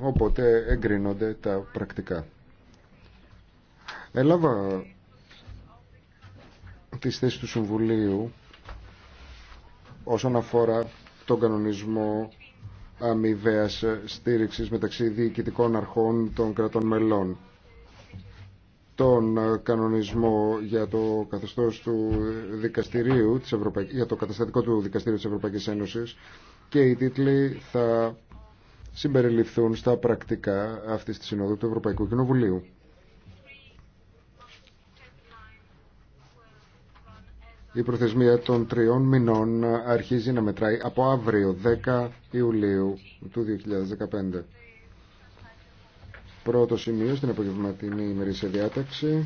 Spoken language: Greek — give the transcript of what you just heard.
Οπότε εγκρίνονται τα πρακτικά. Έλαβα τις θέσεις του Συμβουλίου όσον αφορά τον κανονισμό αμοιβαία στήριξη μεταξύ διοικητικών αρχών των κρατών μελών. Τον κανονισμό για το καθεστώς του δικαστηρίου, για το καταστατικό του δικαστηρίου της Ευρωπαϊκής Ένωσης και οι τίτλοι θα συμπεριληφθούν στα πρακτικά αυτής της Συνόδου του Ευρωπαϊκού Κοινοβουλίου. Η προθεσμία των τριών μηνών αρχίζει να μετράει από αύριο 10 Ιουλίου του 2015. Πρώτο σημείο στην απογευματινή ημερήσια διάταξη.